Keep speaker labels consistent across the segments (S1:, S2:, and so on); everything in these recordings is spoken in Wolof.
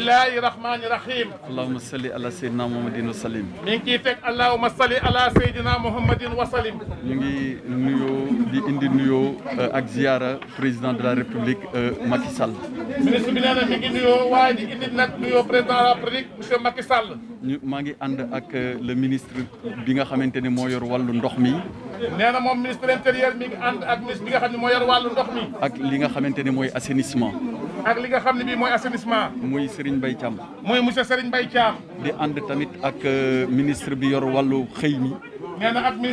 S1: bismillahi rahmani rahim
S2: allahuma salli ala seydina muhammadin wa salim
S1: mi ngi ciy teg allahuma salli ala seydina muhammadin wa salim
S2: ñu ngi nuyoo di indi nuyoo euh, ak ziara président de la république euh, Macky Sall
S1: ministre bi nee na mi ngi nuyoo waaye di indi nag nuyoo président de la république monsieur Macky Sall
S2: ñu maa ngi ànd ak euh, le ministre bi nga xamante ne moo yor wàllu ndox mi
S1: nee na moom ministre intérieur mi ngi ànd ak ministre bi nga xam ne moo yor wàllu ndox mi
S2: ak li nga xamante ne mooy assainissement
S1: ak li nga xam ne bii mooy assainissement.
S2: muy Serigne Mbaye Thiam. muy monsieur Serigne Mbaye Thiam. di ànd tamit ak euh, ministre bi yor wallu xëy mi.
S1: bi nga xam ne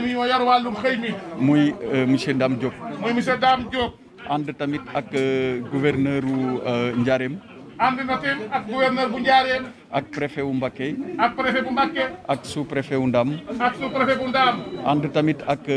S1: bii xëy
S2: muy euh, monsieur ndam Diop.
S1: muy monsieur Dame Diop.
S2: ànd tamit ak euh, gouverneur wu Ndiarème.
S1: ànd na tamit ak gouverneur bu Ndiarème.
S2: ak préfet wu Mbacké. ak préfet sous préfet wu Ndam.
S1: ak sous préfet bu Ndam.
S2: ànd tamit ak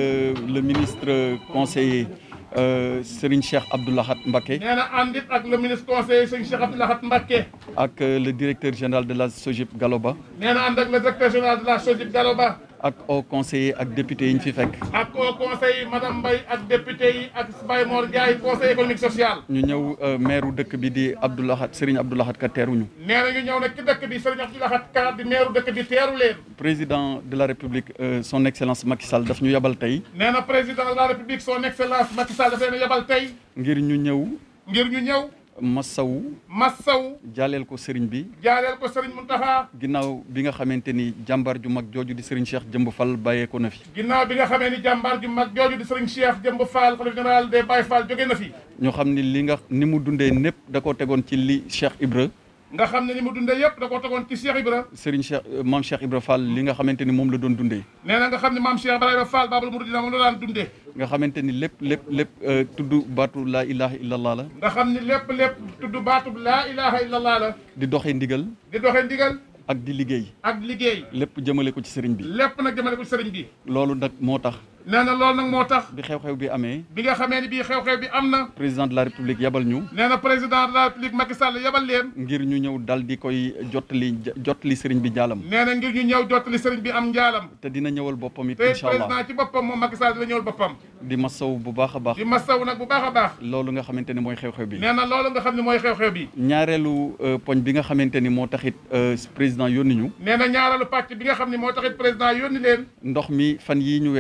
S2: le ministre conseiller. Euh, Serigne Cheikh Abdoulahat Mbacké. nee
S1: na ànd it ak le ministre conseiller Serigne Cheikh Abdoulahat Mbacké.
S2: ak euh, le directeur général de la SOGIP Galoba.
S1: nee na ànd ak le directeur général de la SOGIP Galoba.
S2: ak au conseil ak député yi ñu fi fekk.
S1: ak au conseil madame Mbaye ak député yi ak Baye Mor conseil économique social.
S2: ñu ñëw euh, maire dëkk bi di Abdou Lahad Serigne Abdou Lahad Ka teeruñu.
S1: nee na ñu ñëw nag ci dëkk bi Serigne Abdou Lahad Ka di maire dëkk bi teeru leen.
S2: président de la république euh, son excellence Macky daf ñu yabal tey.
S1: nee na président de la république son excellence Macky daf leen yabal tey.
S2: ngir ñu ñëw. ngir ñu ñëw. Massawu.
S1: Massawu.
S2: jaaleel ko Serigne bi.
S1: jaaleel ko Serigne Mountakha.
S2: ginnaaw bi nga xamante ni jàmbaar ju mag jooju di Serigne Cheikh Jëmb Fall bàyyee na fi.
S1: ginnaaw bi nga xamee ni jàmbaar ju mag jooju di Serigne Cheikh Jëmb Fall xalifa général de Baye Fall jóge na fi.
S2: ñoo xam ni li nga ni mu dundee népp da koo tegoon ci li Cheikh Ibra.
S1: nga xam ne ni mu dunde yëpp da ko tegoon ci Cheikh Ibra
S2: Serigne euh, Cheikh Ibra Fall li nga xamante ni moom la doon dundee
S1: nee na nga xam ne maam Cheikh Ibrahima Fall Babul Mouridina moom la daan dundee
S2: nga xamante ni lépp lépp lépp euh, tudd baatu la ilaha illallah la
S1: nga xam ne lépp lépp tudd baatu laa ilaha illallah la
S2: di doxee ndigal di doxee ndigal ak di liggéey ak liggéey lépp jëmale ko ci sëriñ bi lépp nag jëmale ko ci sëriñ bi loolu nag moo tax nee na loolu nag moo tax. bi xew-xew bi amee. bi
S1: nga xamee ni bii xew-xew bi
S2: am na. président de la république yabal ñu. nee na président de la république Macky Sall yabal leen. ngir ñu ñëw dal di koy jottali jottali sëriñ bi njaalam. nee na ngir ñu ñëw jottali sëriñ bi am njaalam. te dina ñëwal boppam it incha allah président
S1: boppam moom Macky Sall dina ñëwal boppam.
S2: di masaw bu baax a baax. di masaw
S1: nag bu baax a baax.
S2: loolu nga xamante ni mooy xew bi. nee
S1: na loolu nga xam ne mooy xew-xew bi.
S2: ñaareelu euh, poñ bi nga xamante ni moo taxit euh, président yónni ñu.
S1: nee na ñaareelu pàcc bi nga xam ne moo taxit président yónni
S2: leen. ndox mi fan yii ñu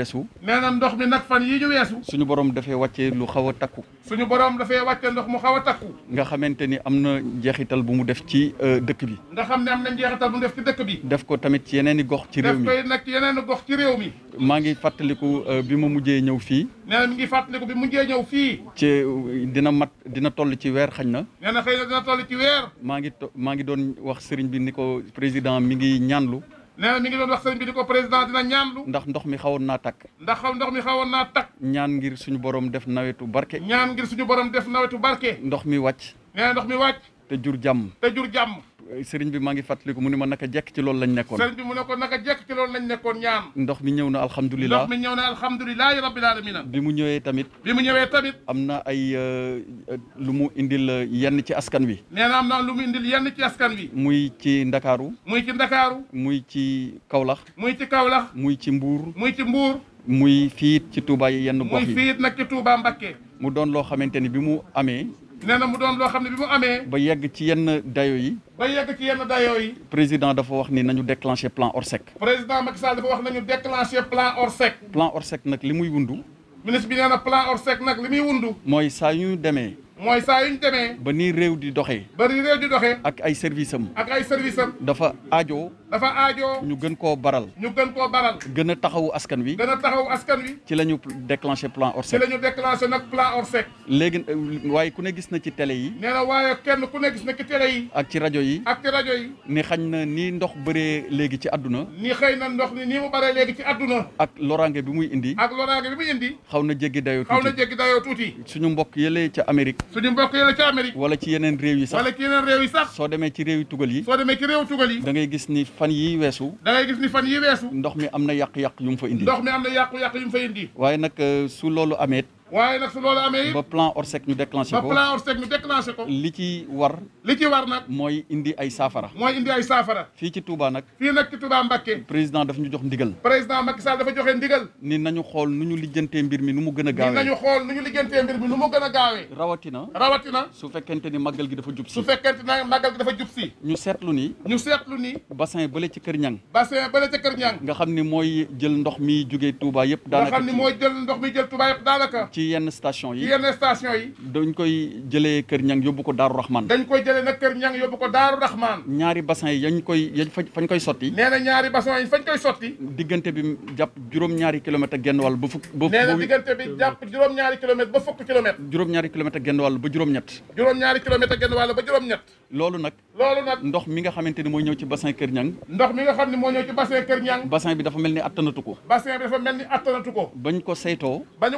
S2: nee ndox mi nag fan yii ñu weesu suñu borom dafee wàccee lu xaw a takku
S1: suñu boroom dafee wàccee ndox mu xaw a takku
S2: nga xamante ni am na njeexital bu mu def ci euh, dëkk bi
S1: nga xam am na njeexital bu mu def ci dëkk bi
S2: def ko tamit ci yeneen i gox ci réew mi
S1: nag yeneen i ci réew
S2: mi maa ngi fàttaliku euh, bi mu mujjee ñëw fii
S1: nee na mi ngi fàttaliku bi mujjee ñëw fii
S2: ci dina mat dina toll ci weer xañ na
S1: nee na xëy na dina toll ci weer
S2: maa ngi maa ngi doon wax sëriñ bi ni ko président mi ngi ñaanlu nee na mi ngi doon wax sëriñ bi di ko président dina ñaan lu ndax ndox mi xawoon naa takk ndax xaw ndox mi xawoon naa takk ñaan ngir suñu borom def nawetu barke ñaan ngir suñu borom def nawetu barke ndox mi wàcc nee ndox mi wàcc te jur jàmm jur jàmm sëriñ bi maa ngi fàttaliku mu ne ma naka jekk ci loolu lañ nekkoon sëriñ
S1: bi mu ne ko naka jekk ci loolu lañ nekkoon ñaan
S2: ndox mi ñëw na alhamdulilah ndox mi
S1: ñëw na alhamdulilahi rabbil
S2: bi mu ñëwee tamit bi mu ñëwee tamit am na ay euh, lu mu indil euh, yenn ci askan wi
S1: am na lu mu indil yenn ci askan wi
S2: muy ci ndakaaru
S1: muy ci ndakaaru
S2: muy ci Kaolack muy ci Kaolack muy ci Mbuur muy ci Mbuur muy fiit ci Touba yi yenn gox yi muy fiit nag ci Touba Mbakke mu doon loo xamante ni bi mu amee
S1: nee na mu doon loo xam ne bi mu amee.
S2: ba yegg ci yenn dayo yi.
S1: ba yegg ci yenn dayo yi.
S2: président dafa wax ni nañu déclenché plan Orsec.
S1: président Macky Sall dafa wax nañu déclenché plan Orsec. plan Orsec nag li muy wundu. ministre bi nee na plan Orsec nag li muy wundu. mooy
S2: saa yu ñu demee.
S1: mooy saa yu ñu demee.
S2: ba nii réew di doxee. ba nii réew di doxee. ak ay service am. ak ay service am. dafa aajo.
S1: dafa aajoo
S2: ñu gën koo baral ñu gën koo gën a taxawu askan wi gën a taxawu askan wi ci la ñu déclenché plan Orsec ci la
S1: ñu nag
S2: plan Orsec léegi euh, waaye ku ne gis na ci télé yi
S1: nee waaye kenn ku ne gis na ci télé yi
S2: ak ci rajo yi
S1: ak rajo yi
S2: ni xañ na nii ndox bëree léegi ci adduna
S1: ni xëy na ndox ni nii mu bëree léegi ci àdduna
S2: ak loraange bi muy indi
S1: ak loraange bi muy indi
S2: xaw na jéggi dayoo tuuti xaw na jéggi dayoo tuuti suñu mbokk yële ca Amérique suñu mbokk yële ca Amérique wala ci yeneen réew yi sax wala ci yeneen soo demee ci réew yi tugal yi soo demee ci réew tugal yi da ngay gis ni fan yi weesu da ngay weesu ndox mi am na yàq-yàq yu mu fa indi ndox mi am na yàqu-yàq yu mu fa indi waaye nag euh, su loolu amee waaye nag su loolu amee it ba plan Orsec ñu déclenché ko li ci war. li ci war nag. mooy indi ay saafara.
S1: mooy indi ay saafara. fii ci Touba nag. fii nag ci Touba Mbakke. président daf ñu jox ndigal. président Macky Sall dafa joxe ndigal.
S2: ni nañu xool nu ñu lijjantee mbir mi nu mu gën a gaawee.
S1: xool nu ñu lijjantee mbir mi nu mu gën a
S2: gaawee. rawatina. su fekkent ni màggal gi dafa jub su fekkente ni màggal gi dafa si. ñu seetlu ni. ñu seetlu ni. bassin bële ci Kër Ñang. bassin bële ci Kër Ñang. nga xam ni mooy jël ndox mi jógee Touba yëpp
S1: daanaka ci yenn station yi ci yenn station yi
S2: dañ koy jëlee kër ñang yóbbu ko daaru raxmaan dañ
S1: koy jëlee nag kër ñang yóbbu ko daaru raxmaan
S2: ñaari bassin yi yañ koy fañ koy sotti nee ñaari bassin yi fañ koy sotti diggante bi jàpp juróom-ñaari kilomètre genn wàll ba juróom ñett juróom-ñaari kilomètre genn wàll ba juróom-ñett loolu nag ndox mi nga xamante mooy ñëw ci bassin kër ñang ndox mi nga xam ne moo ñëw ci bassin kër ñang bassin bi dafa mel ni attanatu ko bañ ko saytoo bañu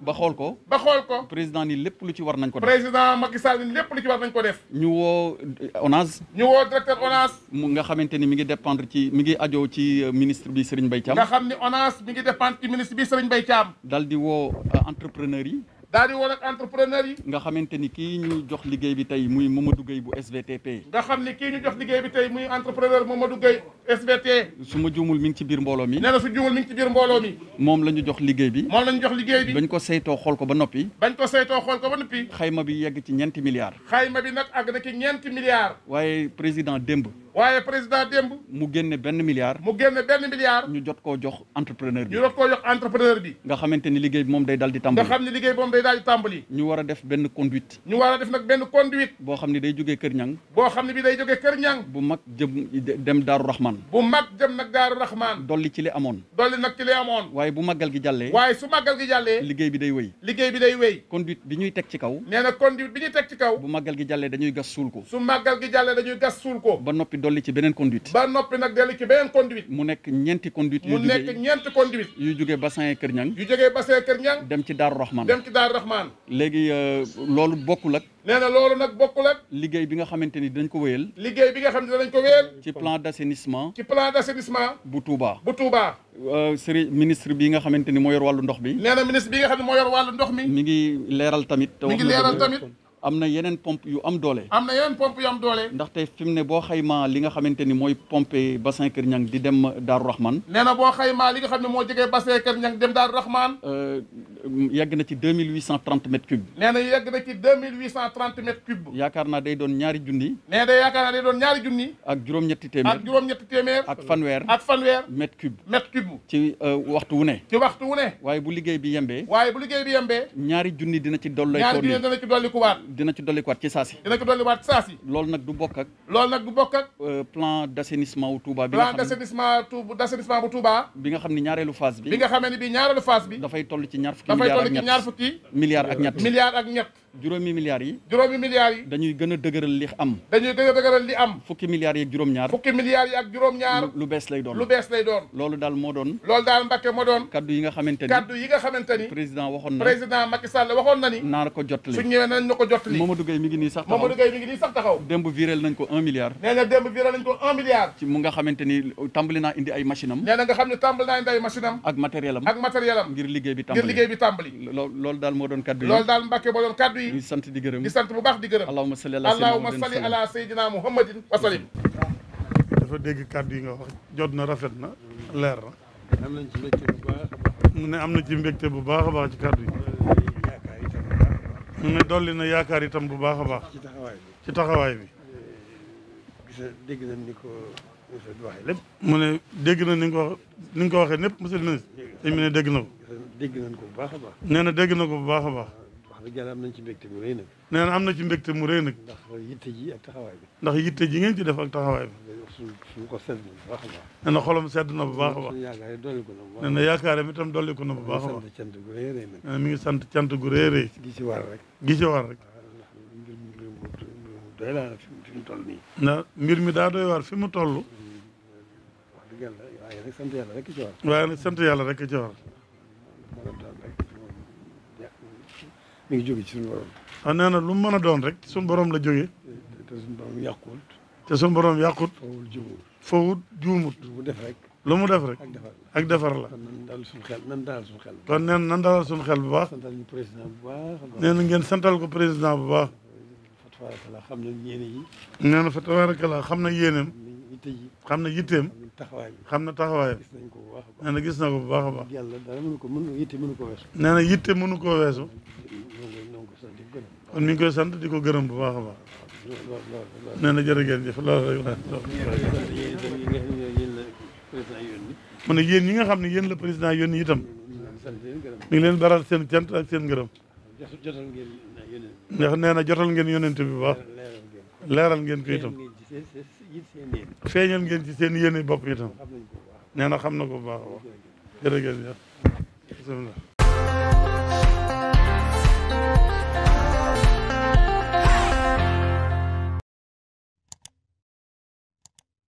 S2: ba xool ko. ba xool ko président ni lépp lu ci war nañ ko def. président Macky ni lépp lu ci war nañ ko def. ñu woo euh, ONAS. ñu woo directeur ONAS. mu nga xamante ni mi ngi dépendre ci mi ngi ajoo ci euh, ministre bi Serigne bay Thiam. nga xam ni ONAS mi ngi dépendre ci ministre bi Serigne Mbaye Thiam. daal di woo euh, entrepreneur yi. daal di woon ak entrepreneur yi. nga xamante ni kii ñu jox liggéey bi tey muy Mamadou Gueye bu SVTP. nga xam ni kii ñu jox liggéey bi tey muy entrepreneur Mamadou Gueye SVT. su ma juumul mi ngi ci biir mbooloo mi. nee na su juumul mi ci biir mbooloo mi. moom la ñu jox liggéey bi. moom la ñu jox liggéey bi. bañ ko saytoo xool ko ba noppi. bañ ko saytoo xool ko ba noppi. xayma bi yegg ci ñenti milliards. xayma bi nag àgg na ci ñeenti milliards. waaye président démb. waaye président démb mu génne benn milliard mu génne benn milliard ñu jot koo jox entrepreneur bi ñu jot koo jox entrepreneur bi nga xamante ni liggéey bi moom day dal di tàmbali nga xam ne liggéey bi moom day daal di ñu war a def benn conduite ñu war a def nag benn conduite boo xam ne day jógee Kër Ñang boo xam ne bi day jógee Kër Ñang bu mag jëm dem Daaru Rahman bu mag jëm nag Daaru Rahman dolli ci li amoon dolli nag ci li amoon waaye bu màggal gi jàllee waaye su màggal gi jàllee liggéey bi day wéy liggéey bi day wéy conduite bi ñuy teg ci kaw nee na conduite bi ñuy teg ci kaw bu màggal gi jàllee dañuy gas suul màggal gi jàllee dañuy gas suul ko ba noppi dolli ci beneen conduite. ba noppi nag dolli ci beneen conduite. mu nekk ñeenti conduite. yu jugee mu nekk ñeenti conduite. yu jugee bassin Kër Ñang. yu jugee bassin Kër Ñang. dem ci Daaru Rahman. dem ci Daaru Rahman. léegi euh, loolu bokkul ak. nee na loolu nag bokk ak. liggéey bi nga xamante ni dinañ ko wéyal. liggéey bi nga xam ne dinañ ko wéyal. ci plan d' assainissement. ci plan d' assainissement. bu Touba euh, ministre bi nga xamante ni moo yor wàllu ndox mi nee na ministre bi nga xam ne moo yor wàllu ndox mi. mi ngi leeral tamit. mi ngi leeral tamit. am na yeneen pompe yu am doole. na yeneen pompe yu am doole. ndaxte fi ne boo xaymaa li nga xamante ni mooy pompe bassin Kër Ñang di dem Daaru Rahman. nee na boo xaymaa li nga xam ne moo jege bassin Kër Ñang dem Daaru Rahman. Euh, yegg na ci deux mille huit cent trente mètres cubes. nee na yegg na ci deux mille huit cent trente mètres cubes. yaakaar naa day doon ñaari junni. nee na yaakaar naa day doon ñaari junni. ak juróom-ñetti téeméer ak fanweer ak fanweer. mètre cube mètre cube. ci euh, waxtu wu ne. ci waxtu wu ne. waaye bu liggéey bi yembee. waaye bu liggéey bi yembee. ñaari junni dina ci dolliwaat ci saasi. dina ci dolliwaat ci saasi. loolu nag du bokk ak. loolu nag du bokk ak. Euh, plan d' assainissement wu Touba. bi
S1: nga bu Touba.
S2: bi nga xam ni ñaareelu phase bi. bi nga xam ne bi ñaareelu phase bi. dafay toll ci ñaar fukki. milliards ak ñett dafay ñett milliards ak ñett. juróomi milliards yi juróomi milliards yi dañuy gën a dëgëral li am a dëgëral li am fukki milliards yi ak juróom-ñaar fukki milliards yi ak juróom-ñaar lu bees lay
S1: doon
S2: loolu daal moo doon loolu daal Mbacke moo doon kaddu yi nga xamante kaddu yi nga xamante président waxoon na président Macky Sall waxoon na ni naar ko jottali su ñëwee nañ na ko jottali Mamadou Gueye nii sax taxaw
S1: Mamadou
S2: Gueye nañ ko un milliard nee na démb nañ ko un milliard mu nga xamante ni tàmbali naa indi ay machine am nee nga xam ne tàmbali naa indi ay
S1: machine
S3: nabi di sant di gërëm di sant bu baax di gërëm allahumma salli ala allahumma salli na rafet na leer na am nañ ci mbégte mu ne am na ci bu baax a baax ci kàddu yi mu ne dolli na yaakaar itam bu baax a baax ci taxawaay bi
S4: dégg na ni ko waxee lépp
S3: mu ne dégg na ni nga ko ni nga ko mu ne dégg na ko.
S4: dégg nañ ko bu a baax. nee na
S3: dégg na ko bu baax a baax.
S4: wax dëgg nañ ci mbégte mu rëy nag.
S3: nee na am na ci mbégte mu rëy nag. ndax
S4: yitte ji ak taxawaay bi.
S3: ndax yitte ji ngeen ci def ak taxawaay
S4: bi. suñu ko sedd na bu baax a baax. nee na xolam sedd na bu baax a baax. nee na yaakaaram itam dolli ko na bu a baax. nee na mi ngi sant cant gu rëy a gi ci war rek. gi ci war rek. doy naa fi mu toll nii.
S3: na mbir mi daa doy waar fi mu toll. Mm,
S4: wax dëgg yàlla waaye nag sant yàlla rek ci war. waaye
S3: nag sant yàlla rek ci war. mi ngi jóge ci suñu borom. ah nee na lu mu a doon rek suñu borom la jógee. te suñu borom yàquwul. te suñu borom juumut. lu mu def rek. lu mu def rek
S4: ak defar la. kon nan dalal suñu xel nan dalal suñu xel. na nan dalal suñu xel bu baax. santal ñu président bu baax. nee na ngeen
S3: santal ko président bu baax.
S4: Fatabaarakallah xam na yéene yi.
S3: nee xam na yéeneem. yitte ji xam na yitteem xam na taxawaayam nee na gis na ko bu baax a baax
S4: yàlla dara mënu ko mënu yitte mënu ko weesu nee na yitte mënu ko kon mi ngi koy
S3: sant di ko gërëm bu baax a baax
S4: nee na jërë ngeen jëf loolu rek
S3: ne yéen ñi nga xam ne yéen la président yónni itam mi leen baral seen cant ak seen ngërëm
S4: ndax nee na jotal ngeen yónente bi bu baax leeral ngeen ko itam feeñal
S3: ngeen ci seen yéene bopp itam nee na xam na ko bu baax a baax jërëjëf